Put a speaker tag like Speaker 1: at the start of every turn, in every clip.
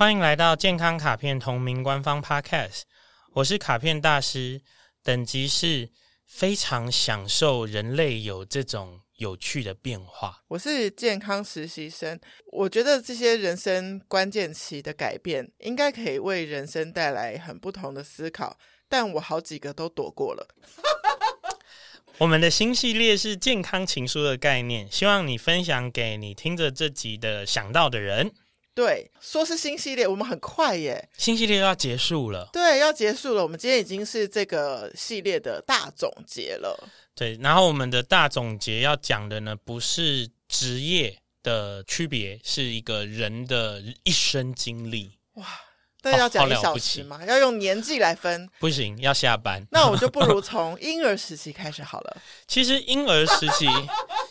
Speaker 1: 歡迎來到健康卡片同名官方 Podcast，我是卡片大師，等級是非常享受人類有這種有趣的變化。
Speaker 2: 我是健康實習生，我覺得這些人生關鍵期的改變應該可以為人生帶來很不同的思考，但我好幾個都躲過了。
Speaker 1: 我們的新系列是健康情書的概念，希望你分享給你聽着這集的想到的人。
Speaker 2: 對，說是新系列，我們很快耶。
Speaker 1: 新系列要結束了，
Speaker 2: 對，要結束了。我們今天已經是這個系列的大總結了。
Speaker 1: 對，然後我們的大總結要講的呢，不是職業的區別，是一個人的一生經歷。哇。但要講一小時
Speaker 2: 嘛，哦、要用年紀來分，
Speaker 1: 不行，要下班。那我就不
Speaker 2: 如從嬰兒時期開始好了。
Speaker 1: 其實嬰兒時期，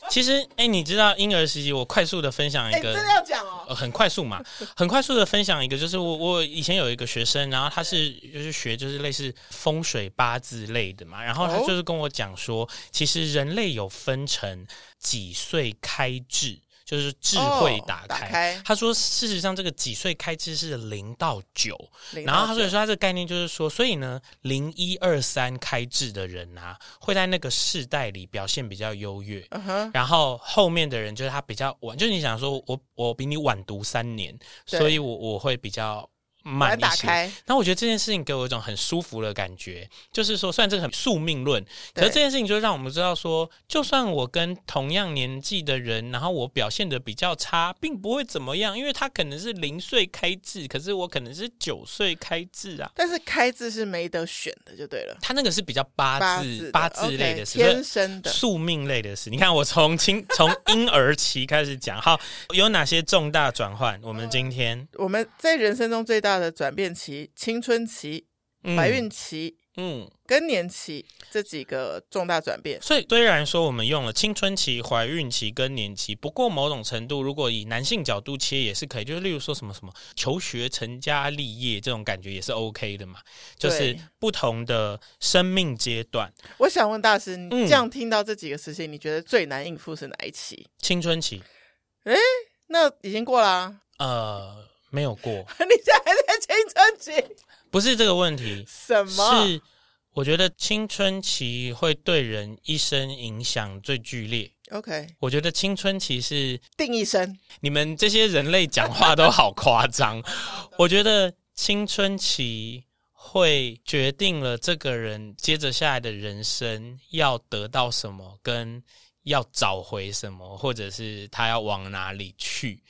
Speaker 1: 其實哎、欸，你知道嬰兒時期，我快速的分享一個，欸、真的要講哦、呃，很快速嘛，很快速的分享一個，就是我我以前有一個學生，然後他是就是學就是類似風水八字類的嘛，然後他就是跟我講說，哦、其實人類有分成幾歲開智。就是智慧打開，oh, 打開，他說，事實上這個幾歲開智是零到九，零到九，然後他所以說他這個概念就是說，所以呢，零一二三開智的人啊，會在那個世代裡表現比較優越，uh huh. 然後後面的人就是他比較晚，就你想說我我比你晚讀三年，
Speaker 2: 對所以我
Speaker 1: 我會比較。打慢一開。那我覺得這件事情給我一種很舒服的感覺，就是說，雖然這個很宿命論，可是這件事情就會讓我們知道說，就算我跟同樣年紀的人，然後我表現的比較差，並不會怎麼樣，因為他可能是零歲開智，可是我可能是九歲開智啊。
Speaker 2: 但是開智是沒得選的，就對了。
Speaker 1: 他那個是比較八字八字，八字類的事，okay, 以天生的宿命類的事。你看我，我從青從嬰兒期開始講，好，有哪些重大轉換？我們今天、
Speaker 2: 呃、我們在人生中最大的。的轉變期、青春期、懷孕期、嗯、嗯、更年期這幾個重大轉變。所
Speaker 1: 以，雖然說我們用了青春期、懷孕期、更年期，不過某種程度，如果以男性角度切也是可以。就是例如說什麼什麼求學、成家立業這種感覺也是 OK 的嘛。就是不同的生命階段。
Speaker 2: 我想問大師，你這樣聽到這幾個事情，嗯、你覺得最難應付是哪一期？
Speaker 1: 青春期？
Speaker 2: 欸，那已經過啦，
Speaker 1: 啊。呃。沒有過，
Speaker 2: 你現在還在青春期，不
Speaker 1: 是這個問題。什麼？是我覺得青春期會對人一生影響最劇烈。OK，我覺得青春期是定一生。你們這些人類講話都好誇張。我覺得青春期會決定了這個人接着下來的人生要得到什麼，跟要找回什麼，或者是他要往哪裡去，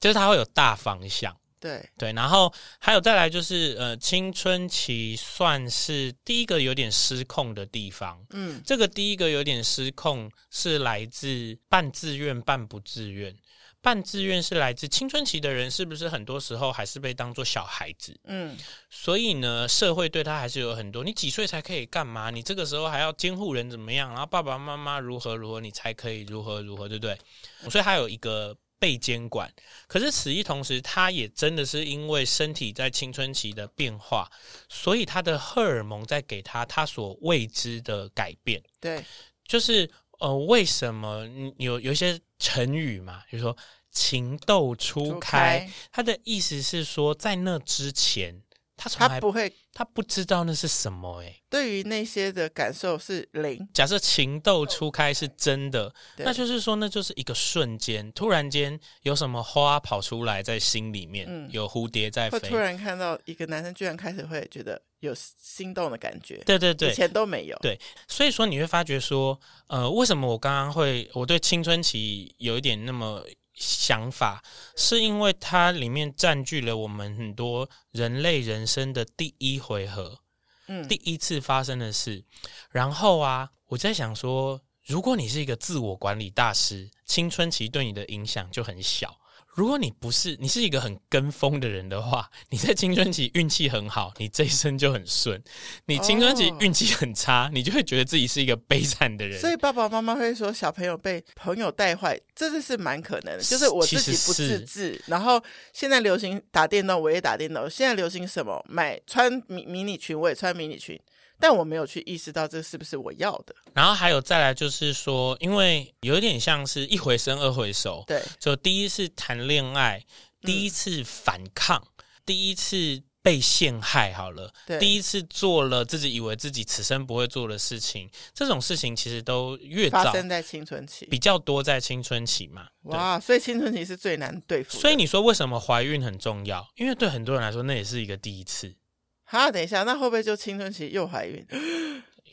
Speaker 1: 就是他會有大方向。對對，然後還有再來就是，呃，青春期算是第一個有點失控的地方。嗯，這個第一個有點失控是來自半自願半不自願。半自願是來自青春期的人，是不是很多時候還是被當做小孩子？嗯，所以呢，社會對他還是有很多。你幾歲才可以幹嘛？你這個時候還要監護人怎麼樣？然後爸爸媽媽如何如何，你才可以如何如何，對不對？嗯。所以還有一個。被監管，可是此一同時，他也真的是因為身體在青春期的變化，所以他的荷爾蒙在給他他所未知的改變。對，就是呃，為什麼有有一些成語嘛，就是說情竇初開，他 Okay. 的意思是說在那之前。
Speaker 2: 他，他不會，他
Speaker 1: 不知道那是什麼誒、欸，
Speaker 2: 對於那些的感受是零。
Speaker 1: 假設情竇初開是真的，哦，那就是說，那就是一個瞬間，對突然間有什麼花跑出來在心裡面，嗯，有蝴蝶在飛，突然
Speaker 2: 看到一個男生，居然開始會覺得有心動的感覺。對對對，以前都沒有。
Speaker 1: 對，所以說你會發覺說，呃，為什麼我剛剛會我對青春期有一點那麼。想法是因為它裡面占據了我們很多人類人生的第一回合，嗯，第一次發生的事。然後啊，我在想說，如果你是一個自我管理大師，青春期對你的影響就很小。如果你不是，你是一個很跟風的人的話，你在青春期運氣很好，你這一生就很順；你青春期運氣很差，哦、你就會覺得自己是一個悲慘的人。所以
Speaker 2: 爸爸媽媽會說，小朋友被朋友帶壞，這是蠻可能的。就是我自己不自制，然後現在流行打電動，我也打電動，現在流行什麼？買穿迷迷、迷你裙，我也穿迷你裙。但我沒有去意識到這是不是我要的。
Speaker 1: 然後還有再來就是說，因為有點像是“一回生，二回熟”。對，就第一次談戀愛，第一次反抗，嗯、第一次被陷害，好了，對第一次做了自己以為自己此生不會做的事情，這種事情其實都越早發生在
Speaker 2: 青春期比
Speaker 1: 較多，在青春期嘛。哇，
Speaker 2: 所以青春期是最難對付的。所
Speaker 1: 以你說為什麼懷孕很重要？因為對很多人來說，那也是一個第一次。
Speaker 2: 好，等一下，那會不會就青春期又懷孕？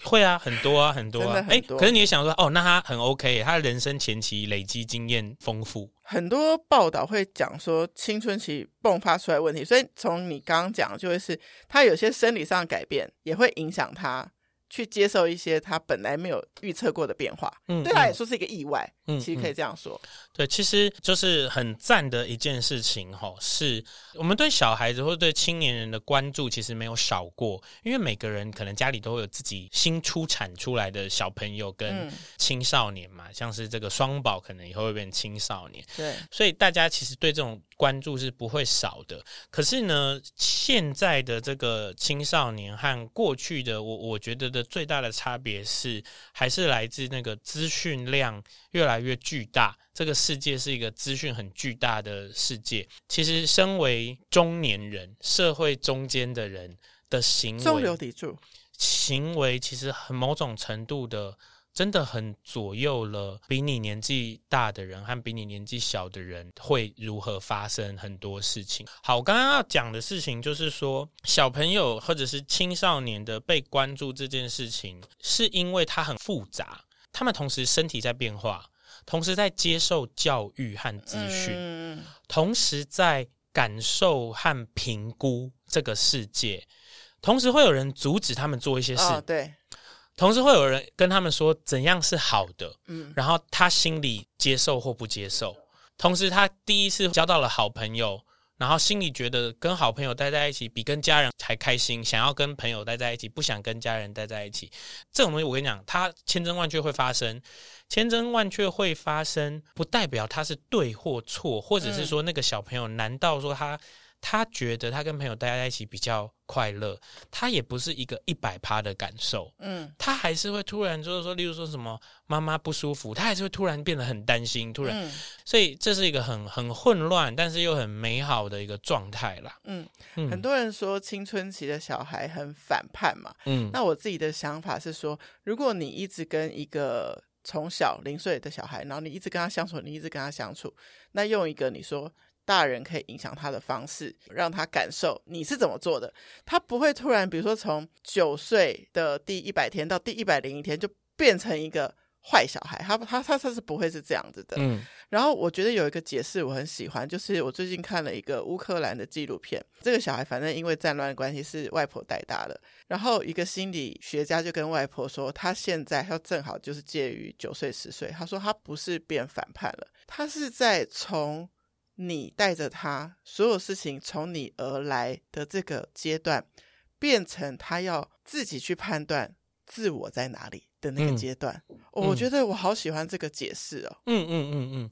Speaker 1: 會啊，很多啊，很多啊很多，欸，可是你也想說，哦，那他很 OK，他的人生前期累積經驗豐富。
Speaker 2: 很多報道會講說青春期迸發出來問題，所以從你剛剛講，就會是他有些生理上改變也會影響他。去接受一些他本來沒有預測過的變化，嗯，嗯，對他來說是一個意外，嗯，嗯嗯其實可以這樣說。
Speaker 1: 對，其實就是很讚的一件事情齁，是我們對小孩子或者對青年人的關注其實沒有少過，因為每個人可能家裡都有自己新出產出來的小朋友跟青少年嘛，嗯、像是這個雙寶可能以後會變成青少年，對，所以大家其實對這種。關注是不會少的，可是呢，現在的這個青少年和過去的我，我覺得的最大的差別是，還是來自那個資訊量越來越巨大。這個世界是一個資訊很巨大的世界。其實，身為中年人，社會中間的人的行為，中流砥柱，行為，其實很某種程度的。真的很左右了，比你年紀大的人和比你年紀小的人會如何發生很多事情。好，我剛剛要講的事情就是說，小朋友或者是青少年的被關注這件事情，是因為他很複雜，他們同時身體在變化，同時在接受教育和資訊，嗯、同時在感受和評估這個世界，同時會有人阻止他們做一些事。哦、對。同時會有人跟他們說怎樣是好的，嗯，然後他心裡接受或不接受。同時他第一次交到了好朋友，然後心裡覺得跟好朋友待在一起比跟家人還開心，想要跟朋友待在一起，不想跟家人待在一起。這種東西我跟你講，它千真萬確會發生，千真萬確會發生，不代表它是對或錯，或者是說那個小朋友難道說他？他覺得他跟朋友待在一起比較快樂，他也不是一個一百趴的感受，嗯，他還是會突然就是說，例如說什麼媽媽不舒服，他還是會突然變得很擔心，突然，嗯，所以這是一個很很混亂，但是又很美好的一個狀態啦，嗯，嗯，
Speaker 2: 很多人說青春期的小孩很反叛嘛，嗯，那我自己的想法是說，如果你一直跟一個從小零歲的小孩，然後你一直跟他相處，你一直跟他相處，那用一個你說。大人可以影響他的方式，讓他感受你是怎麼做的。他不會突然，比如說從九歲的第一百天到第一百零一天，就變成一個壞小孩。他他他他是不會是這樣子的。嗯。然後我覺得有一個解釋我很喜歡，就是我最近看了一個烏克蘭的紀錄片。這個小孩反正因為戰亂的關係是外婆帶大的。然後一個心理學家就跟外婆說，他現在他正好就是介於九歲、十歲。他說他不是變反叛了，他是在從。你帶着他，所有事情從你而來的這個階段，變成他要自己去判斷自我在哪裡。的那個階段，嗯嗯 oh, 我覺得我好喜歡這個解釋哦，喔嗯。嗯嗯嗯
Speaker 1: 嗯，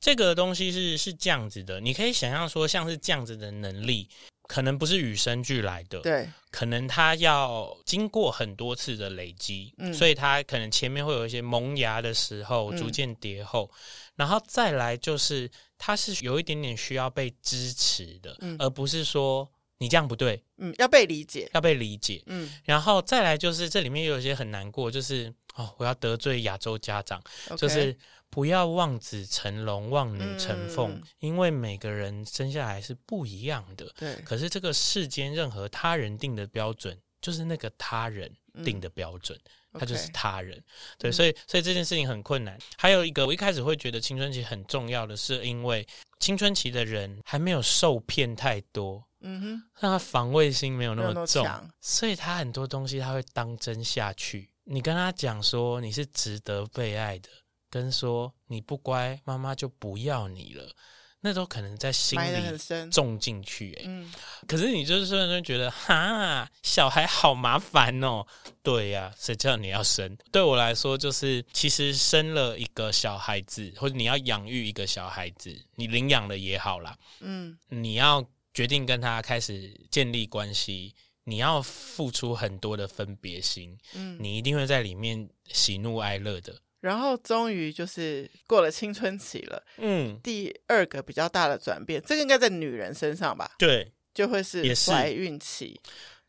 Speaker 1: 這個東西是是這樣子的，你可以想象說，像是這樣子的能力，可能不是與生俱來的，對，可能他要經過很多次的累積，嗯，所以他可能前面會有一些萌芽的時候，逐漸疊後、嗯、然後再來就是，他是有一點點需要被支持的，嗯、而不是說，你這樣不對，嗯，要被理解，要被理解，嗯，然後再來就是這裡面有一些很難過，就是哦，我要得罪亞洲家長，Okay. 就是不要望子成龍，望女成鳳，嗯嗯嗯，因為每個人生下來是不一樣的，對。可是這個世間任何他人定的標準，就是那個他人定的標準，嗯、他就是他人，Okay. 對。嗯、所以，所以這件事情很困難。還有一個，我一開始會覺得青春期很重要的是，因為青春期的人還沒有受騙太多。嗯哼，但他防衛心沒有那麼重，沒有那麼強。所以他很多東西他會當真下去。你跟他講說你是值得被愛的，跟說你不乖，媽媽就不要你了，那都可能在心裡種進去、欸。嗯，可是你就是突然間覺得哈，小孩好麻煩哦、喔，對呀、啊，誰叫你要生？對我來說，就是其實生了一個小孩子，或者你要養育一個小孩子，你領養了也好啦。嗯，你要，決定跟他開始建立關係，你要付出很多的分別心，嗯，你一定會在裡面喜怒哀樂的。
Speaker 2: 然後終於就是過了青春期了，嗯，第二個比較大的轉變，這個應該在女人身上吧？對，就會是懷孕期，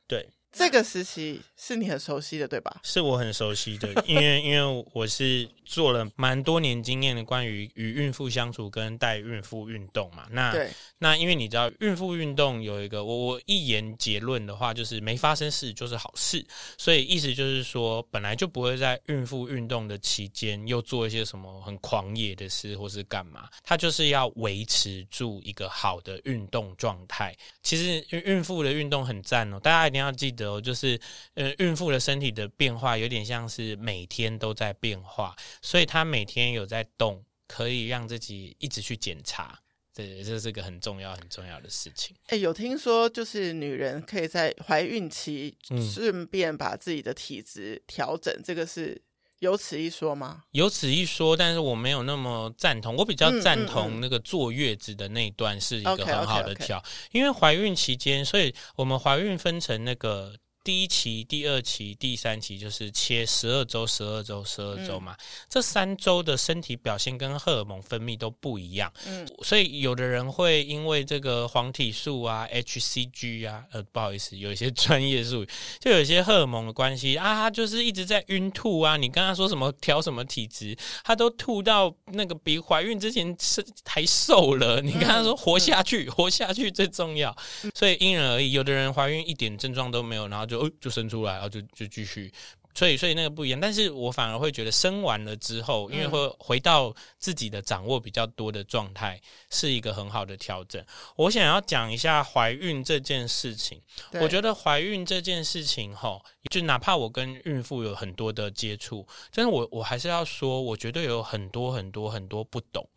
Speaker 1: 對。
Speaker 2: 這個時期是你很熟悉的，對吧？是我
Speaker 1: 很熟悉的，因為因為我是做了蠻多年經驗的，關於與孕婦相處跟帶孕婦運動嘛。那對那因為你知道，孕婦運動有一個，我我一言結論的話，就是沒發生事就是好事。所以意思就是說，本來就不會在孕婦運動的期間又做一些什麼很狂野的事，或是幹嘛。他就是要維持住一個好的運動狀態。其實孕孕婦的運動很讚哦，大家一定要記得。就是、呃，孕婦的身體的變化有點像是每天都在變化，所以她每天有在動，可以讓自己一直去檢查，這這是個很重要很重要的事情。
Speaker 2: 哎、欸，有聽說就是女人可以在懷孕期順便把自己的體質調整，嗯、這個是。有此一說嗎？
Speaker 1: 有此一說，但是我沒有那麼贊同。我比較贊同那個坐月子的那一段是一個很好的調，因為懷孕期間，所以我們懷孕分成那個。第一期、第二期、第三期就是切十二周、十二周、十二周嘛，嗯、這三周的身體表現跟荷爾蒙分泌都不一樣，嗯，所以有的人會因為這個黃體素啊、HCG 啊，呃，不好意思，有一些專業術語，就有一些荷爾蒙的關係啊，他就是一直在暈吐啊。你跟他說什麼調什麼體質，他都吐到那個比懷孕之前是還瘦了。你跟他說活下去，嗯、活下去最重要，嗯、所以因人而異。有的人懷孕一點症狀都沒有，然後。就、欸、就生出來，然後、啊、就就繼續，所以所以那個不一樣。但是我反而會覺得生完了之後，因為會回到自己的掌握比較多的狀態，是一個很好的調整。我想要講一下懷孕這件事情。對我覺得懷孕這件事情吼，就哪怕我跟孕婦有很多的接觸，但是我我還是要說，我覺得有很多很多很多不懂。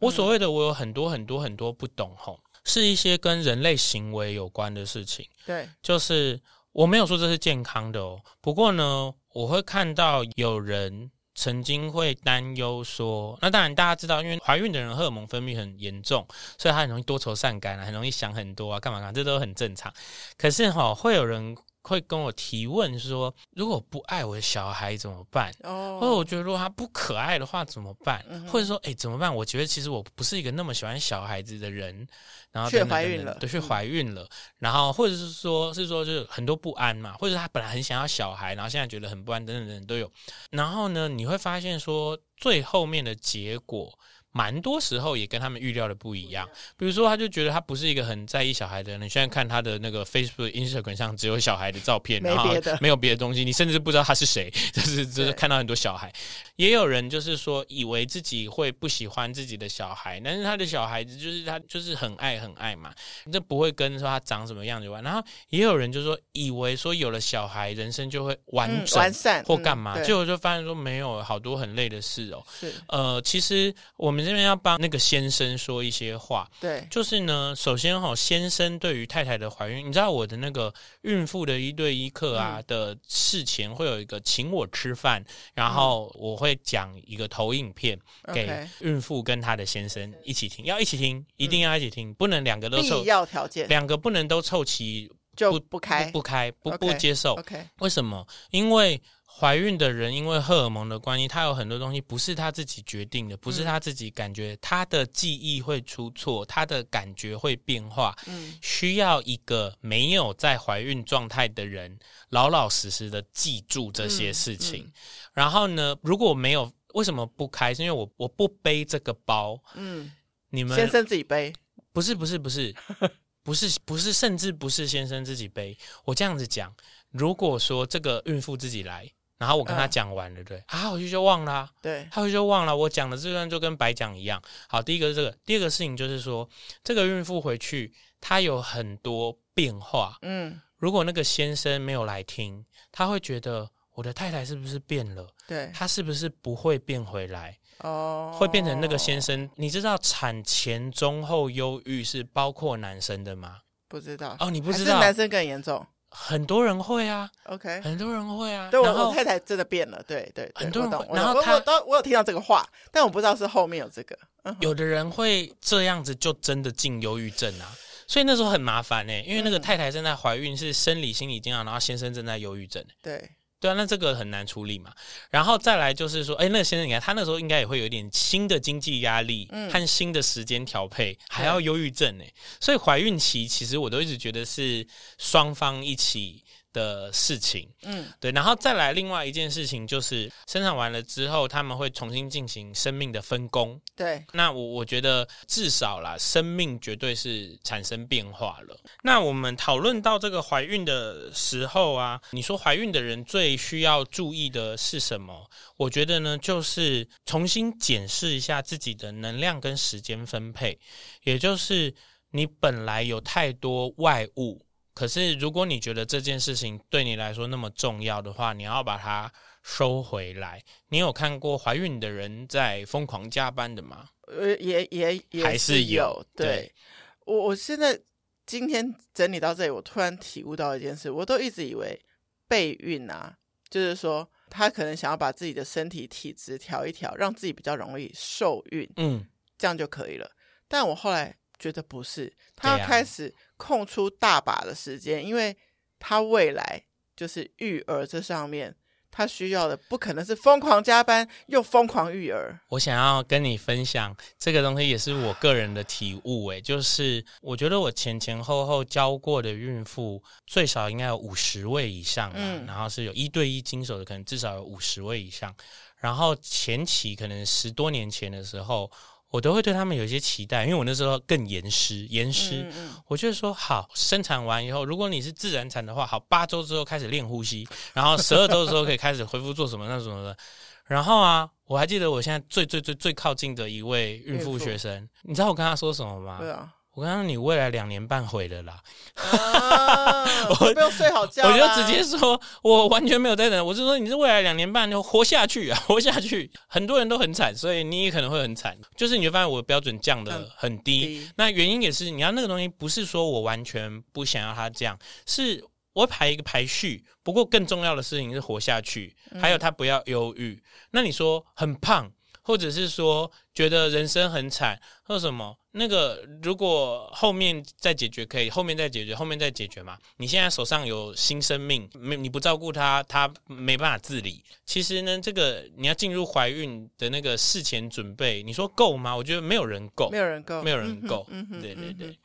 Speaker 1: 我所謂的我有很多很多很多不懂吼，是一些跟人類行為有關的事情。對，就是。我沒有說這是健康的哦，不過呢，我會看到有人曾經會擔憂說，那當然大家知道，因為懷孕的人荷爾蒙分泌很嚴重，所以他很容易多愁善感啊，很容易想很多啊，幹嘛幹嘛，這都很正常。可是吼，會有人。會跟我提問說：“如果我不愛我的小孩怎麼辦？Oh. 或者我覺得如果他不可愛的話怎麼辦？Mm hmm. 或者說，誒，欸，怎麼辦？我覺得其實我不是一個那麼喜歡小孩子的人。然後等等等等去懷孕了，對，去懷孕了。嗯，然後或者是說，是說，就是很多不安嘛。或者他本來很想要小孩，然後現在覺得很不安，等等等等都有。然後呢，你會發現說，最後面的結果。”蠻多時候也跟他們預料的不一樣，比如說，他就覺得他不是一個很在意小孩的人。你現在看他的那個 Facebook、Instagram 上只有小孩的照片，然後別的，沒有別的東西，你甚至不知道他是誰，就是就是看到很多小孩。對也有人就是說，以為自己會不喜歡自己的小孩，但是他的小孩子就是他就是很愛很愛嘛，就不會跟說他長什麼樣子玩，然後也有人就說，以為說有了小孩，人生就會完整、嗯、完善或幹嘛，嗯、結果就發現說沒有，好多很累的事哦。是呃，其實我們。這邊要幫那個先生說一些話，對，就是呢。首先哈、哦，先生對於太太的懷孕，你知道我的那個孕婦的一對一課啊、嗯、的事情的事前，會有一個請我吃飯，嗯、然後我會講一個投影片給孕婦跟她的先生一起聽，Okay 要一起聽，一定要一起聽，嗯、不能兩個都湊必要條件，兩個不能都湊齊就不開，不，不開不 Okay 不接受。Okay 為什麼？因為。懷孕的人，因為荷爾蒙的關係，她有很多東西不是她自己決定的，不是她自己感覺，她、嗯、的記憶會出錯，她的感覺會變化。嗯，需要一個沒有在懷孕狀態的人，老老實實的記住這些事情。嗯嗯、然後呢，如果沒有為什麼不開？是因為我我不背這個包。嗯，你們先生自己背？不是不是不是， 不是不是甚至不是先生自己背。我這樣子講，如果說這個孕婦自己來。然後我跟他講完了，嗯、對啊，回去就忘了，對，回去就忘了，我講的這段就跟白講一樣。好，第一個是這個，第二個事情就是說，這個孕婦回去她有很多變化，嗯，如果那個先生沒有來聽，她會覺得我的太太是不是變了？對，她是不是不會變回來？
Speaker 2: 哦，會變成
Speaker 1: 那個先生？你知道產前、中、後憂鬱是包括男生的嗎？
Speaker 2: 不知道哦，你不知道，男生更嚴重。
Speaker 1: 很多人會
Speaker 2: 啊，OK，很多人會啊。Okay. 會啊，對，然後我太太真的變了，對對，對很多人，都然後他我都我都有聽到這個話，但我不知道是後面有這個。
Speaker 1: 嗯、有的人會這樣子，就真的進憂鬱症啊，所以那時候很麻煩誒、欸，因為那個太太正在懷孕，是生理心理經常，然後先生正在憂鬱症、嗯，對。對啊，那這個很難處理嘛。然後再來就是說，哎，那先生，你看他那時候應該也會有一點新的經濟壓力，嗯，和新的時間調配，嗯、還要憂鬱症哎。嗯、所以懷孕期其實我都一直覺得是雙方一起的事情，嗯，對，然後再來另外一件事情就是生產完了之後，他們會重新進行生命的分工。對，那我我覺得至少啦，生命絕對是產生變化了。那我們討論到這個懷孕的時候啊，你說懷孕的人最需要注意的是什麼？我覺得呢，就是重新檢視一下自己的能量跟時間分配，也就是你本來有太多外物。可是，如果你覺得這件事情對你來說那麼重要的話，你要把它收回來。你有看過懷孕的人在瘋狂加班的嗎？
Speaker 2: 呃，也也也還是有。對，對我我現在今天整理到這裡，我突然體悟到一件事。我都一直以為備孕啊，就是說她可能想要把自己的身體體質調一調，讓自己比較容易受孕，嗯，這樣就可以了。但我後來。覺得不是，他要開始空出大把的時間，啊、因為他未來就是育兒這上面，他需要的不可能是瘋狂加班又瘋狂育兒。
Speaker 1: 我想要跟你分享這個東西，也是我個人的體悟哎，哇就是我覺得我前前後後教過的孕婦最少應該有五十位以上，嗯、然後是有一對一經手的，可能至少有五十位以上。然後前期可能十多年前的時候。我都會對他們有一些期待，因為我那時候更嚴師，嚴師，嗯嗯、我就是說，好生產完以後，如果你是自然產的話，好八週之後開始練呼吸，然後十二週的時候可以開始恢復做什麼 那什麼的。然後啊，我還記得我現在最最最最靠近的一位孕婦學生，錯你知道我跟她說什麼嗎？對啊。我剛剛你未來兩年半毀了啦，
Speaker 2: 哦， 我不用睡好覺，我就直接說，
Speaker 1: 我完全沒有在等。我是說，你是未來兩年半就活下去，啊，活下去，很多人都很慘，所以你也可能會很慘。就是你會發現我的標準降得很低，嗯、低，那原因也是，你看那個東西不是說我完全不想要他這樣，是我排一個排序。不過更重要的事情是活下去，還有他不要憂鬱。嗯、那你說很胖，或者是說覺得人生很慘，或什麼？那個如果後面再解決可以，後面再解決，後面再解決嘛？你現在手上有新生命，沒你不照顧他，他沒辦法自理。其實呢，這個你要進入懷孕的那個事前準備，你說夠嗎？我覺得沒有人夠，沒有人夠，沒有人夠。嗯，嗯
Speaker 2: 對對對。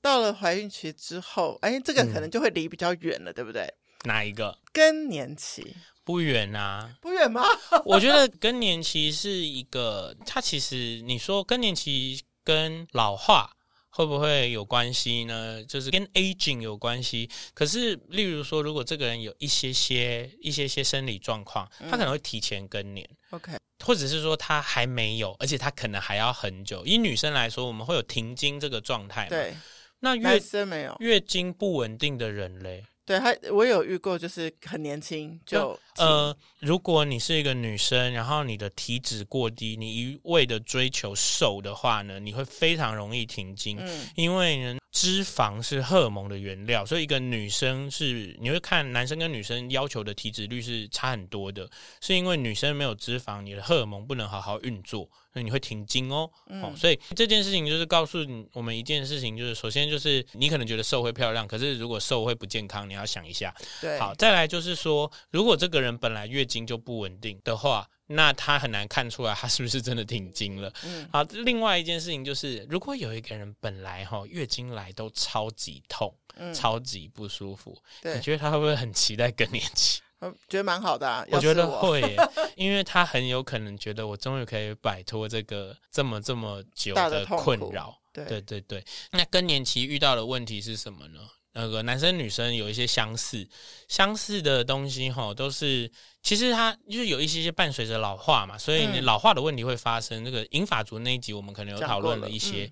Speaker 2: 到了懷孕期之後，哎，這個可能就會離比較遠了，嗯、對不對？
Speaker 1: 哪一個？
Speaker 2: 更年期？
Speaker 1: 不遠啊。
Speaker 2: 不遠嗎？ 我覺得
Speaker 1: 更年期是一個，它其實你說更年期。跟老化會不會有關係呢？就是跟 aging 有關係。可是，例如說，如果這個人有一些些、一些些生理狀況，嗯、他可能會提前更年。OK，或者是說他還沒有，而且他可能還要很久。以女生來說，我們會有停經這個狀態嘛？
Speaker 2: 對，那月，男生沒有，
Speaker 1: 月經不穩定的人嘞？
Speaker 2: 對我有遇過，就是很年輕就、嗯、呃，
Speaker 1: 如果你是一個女生，然後你的體脂過低，你一味的追求瘦的話呢，你會非常容易停經。嗯、因為呢脂肪，是荷爾蒙的原料，所以一個女生是，你會看男生跟女生要求的體脂率是差很多的，是因為女生沒有脂肪，你的荷爾蒙不能好好運作。那你會停經哦、嗯、哦，所以這件事情就是告訴你我們一件事情，就是首先就是你可能覺得瘦會漂亮，可是如果瘦會不健康，你要想一下。對，好，再來就是說，如果這個人本來月經就不穩定的話，那他很難看出來他是不是真的停經了。嗯、好，另外一件事情就是，如果有一個人本來哈、哦、月經來都超級痛，嗯、超級不舒服，對你覺得他會不會很期待更年期？
Speaker 2: 覺得蠻好的、啊，我覺得會，是
Speaker 1: 因為他很有可能覺得我終於可以擺脫這個這麼這麼久的困擾。對，對對對。那更年期遇到的問題是什麼呢？那個男生女生有一些相似，相似的東西哈，都是其實它就是有一些些伴隨着老化嘛，所以老化的問題會發生。那、嗯、個銀髮族那一集，我們可能有討論了一些。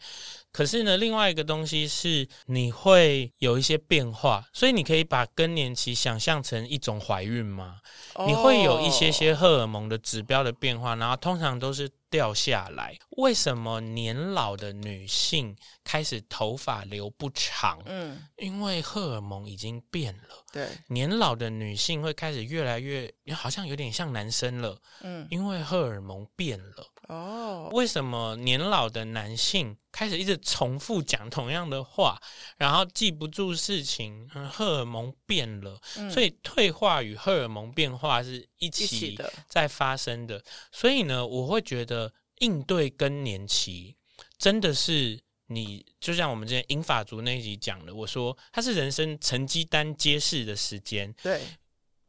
Speaker 1: 可是呢，另外一個東西是你會有一些變化，所以你可以把更年期想象成一種懷孕嗎？你會有一些些荷爾蒙的指標的變化，然後通常都是掉下來。為什麼年老的女性開始頭髮留不長？嗯，因為荷爾蒙已經變了。對，年老的女性會開始越來越，好像有點像男生了。嗯，因為荷爾蒙變了。哦，為什麼年老的男性開始一直重複講同樣的話，然後記不住事情？荷爾蒙變了，嗯、所以退化與荷爾蒙變化是一起在發生的。的所以呢，我會覺得應對更年期真的是你，就像我們之前《英法族》那一集講的，我說它是人生成績單揭示的時間。對，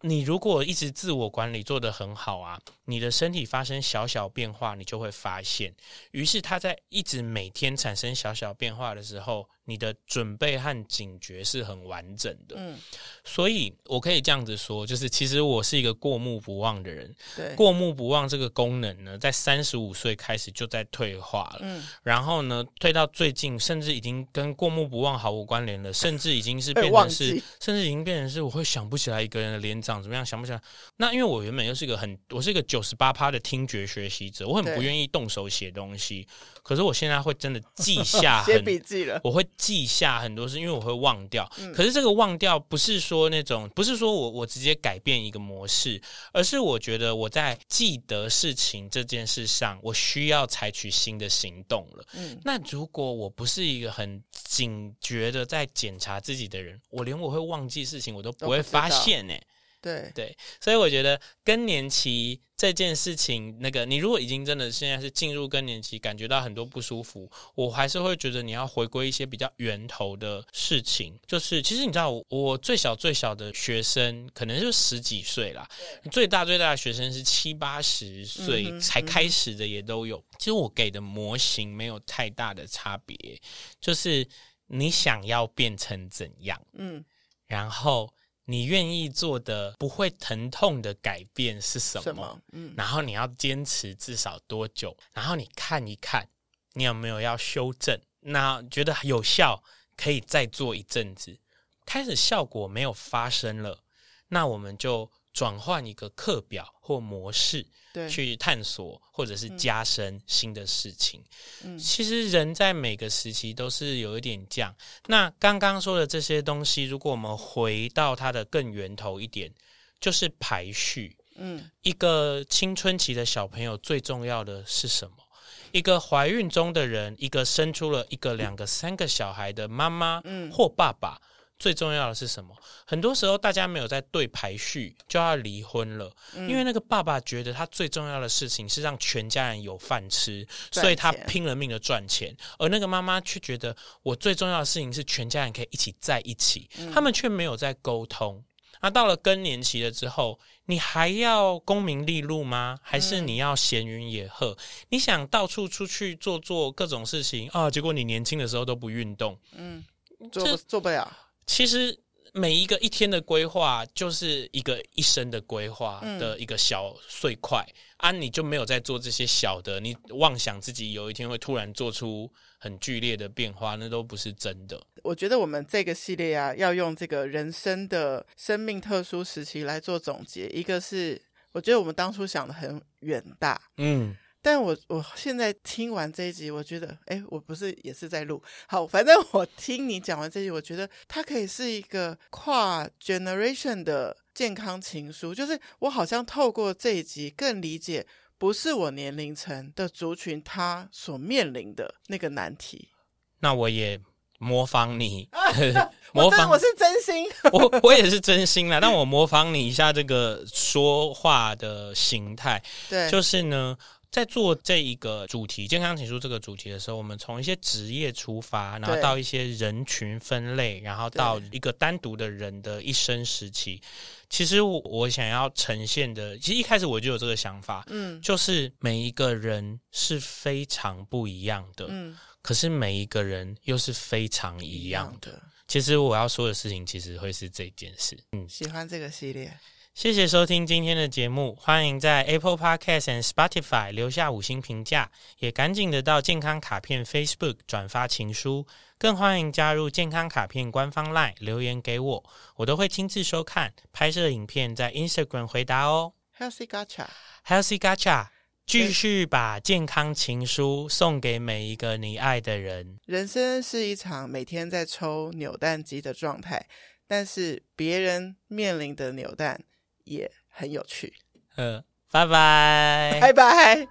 Speaker 1: 你如果一直自我管理做得很好啊。你的身體發生小小變化，你就會發現。於是他在一直每天產生小小變化的時候，你的準備和警覺是很完整的。嗯，所以我可以這樣子說，就是其實我是一個過目不忘的人。對，過目不忘這個功能呢，在三十五歲開始就在退化了。嗯，然後呢，退到最近，甚至已經跟過目不忘毫無關聯了，甚至已經是變成是，甚至已經變成是我會想不起來一個人的臉長怎麼樣，想不起來。那因為我原本又是一個很，我是一個。九十八趴的聽覺學習者，我很不願意動手寫東西。對可是我現在會真的記下很，很 寫筆記了，我會記下很多事，因為我會忘掉。嗯、可是這個忘掉不是說那種，不是說我我直接改變一個模式，而是我覺得我在記得事情這件事上，我需要採取新的行動了。嗯，那如果我不是一個很警覺的在檢查自己的人，我連我會忘記事情我都不會發現呢、欸。對對，所以我覺得更年期這件事情，那個你如果已經真的現在是進入更年期，感覺到很多不舒服，我還是會覺得你要回歸一些比較源頭的事情。就是其實你知道我，我最小最小的學生可能就十幾歲啦，最大最大的學生是七八十歲、嗯哼，才開始的也都有。嗯，其實我給的模型沒有太大的差別，就是你想要變成怎樣，嗯，然後。你願意做的不會疼痛的改變是什麼？什麼，嗯，然後你要堅持至少多久？然後你看一看，你有沒有要修正？那覺得有效，可以再做一陣子。開始效果沒有發生了，那我們就。轉換一個課表或模式，去探索或者是加深新的事情。對。嗯，其實人在每個時期都是有一點這樣。那剛剛說的這些東西，如果我們回到它的更源頭一點，就是排序。嗯，一個青春期的小朋友最重要的是什麼？一個懷孕中的人，一個生出了一個、嗯、兩個、三個小孩的媽媽，嗯，或爸爸。最重要的是什麼？很多時候，大家沒有在對排序就要離婚了，嗯、因為那個爸爸覺得他最重要的事情是讓全家人有飯吃，賺錢，所以他拼了命的賺錢，而那個媽媽卻覺得我最重要的事情是全家人可以一起在一起。嗯、他們卻沒有在溝通。那、啊、到了更年期了之後，你還要功名利祿嗎？還是你要閒雲野鶴？嗯、你想到處出去做做各種事情啊？結果你年輕的時候都不運動，
Speaker 2: 嗯，做做不了。
Speaker 1: 其實每一個一天的規劃，就是一個一生的規劃的一個小碎塊、嗯、啊！你就沒有在做這些小的，你妄想自己有一天會突然做出很劇烈的變化，那都不是真的。
Speaker 2: 我覺得我們這個系列啊，要用這個人生的生命特殊時期來做總結。一個是，我覺得我們當初想得很遠大，嗯。但我我現在聽完這一集，我覺得，哎，我不是也是在錄？好，反正我聽你講完這一集，我覺得它可以是一個跨 generation 的健康情書，就是我好像透過這一集更理解不是我年齡層的族群它所面臨的那個難題。
Speaker 1: 那我也模仿你，啊、 模仿我是
Speaker 2: 真心，我
Speaker 1: 我也是真心啦。 但我模仿你一下這個說話的形態，
Speaker 2: 對，就是
Speaker 1: 呢。在做這一個主題“健康情書”這個主題的時候，我們從一些職業出發，然後到一些人群分類，然後到一個單獨的人的一生時期。對其實我想要呈現的，其實一開始我就有這個想法，嗯，就是每一個人是非常不一樣的，嗯，可是每一個人又是非常一樣的。嗯，其實我要說的事情，其實會是這件事。嗯，
Speaker 2: 喜歡這個系列。
Speaker 1: 謝謝收聽今天的節目，歡迎在 Apple Podcast 和 Spotify 留下五星評價，也趕緊得到健康卡片 Facebook 轉發情書，更歡迎加入健康卡片官方 Line 留言給我，我都會親自收看拍攝影片，在 Instagram 回答哦。
Speaker 2: Healthy Gacha，Healthy
Speaker 1: Gacha，繼續把健康情書送給每一個你愛的人。
Speaker 2: 人生是一場每天在抽扭蛋機的狀態，但是別人面臨的扭蛋。也、yeah, 很有趣，嗯、呃，拜拜，拜拜。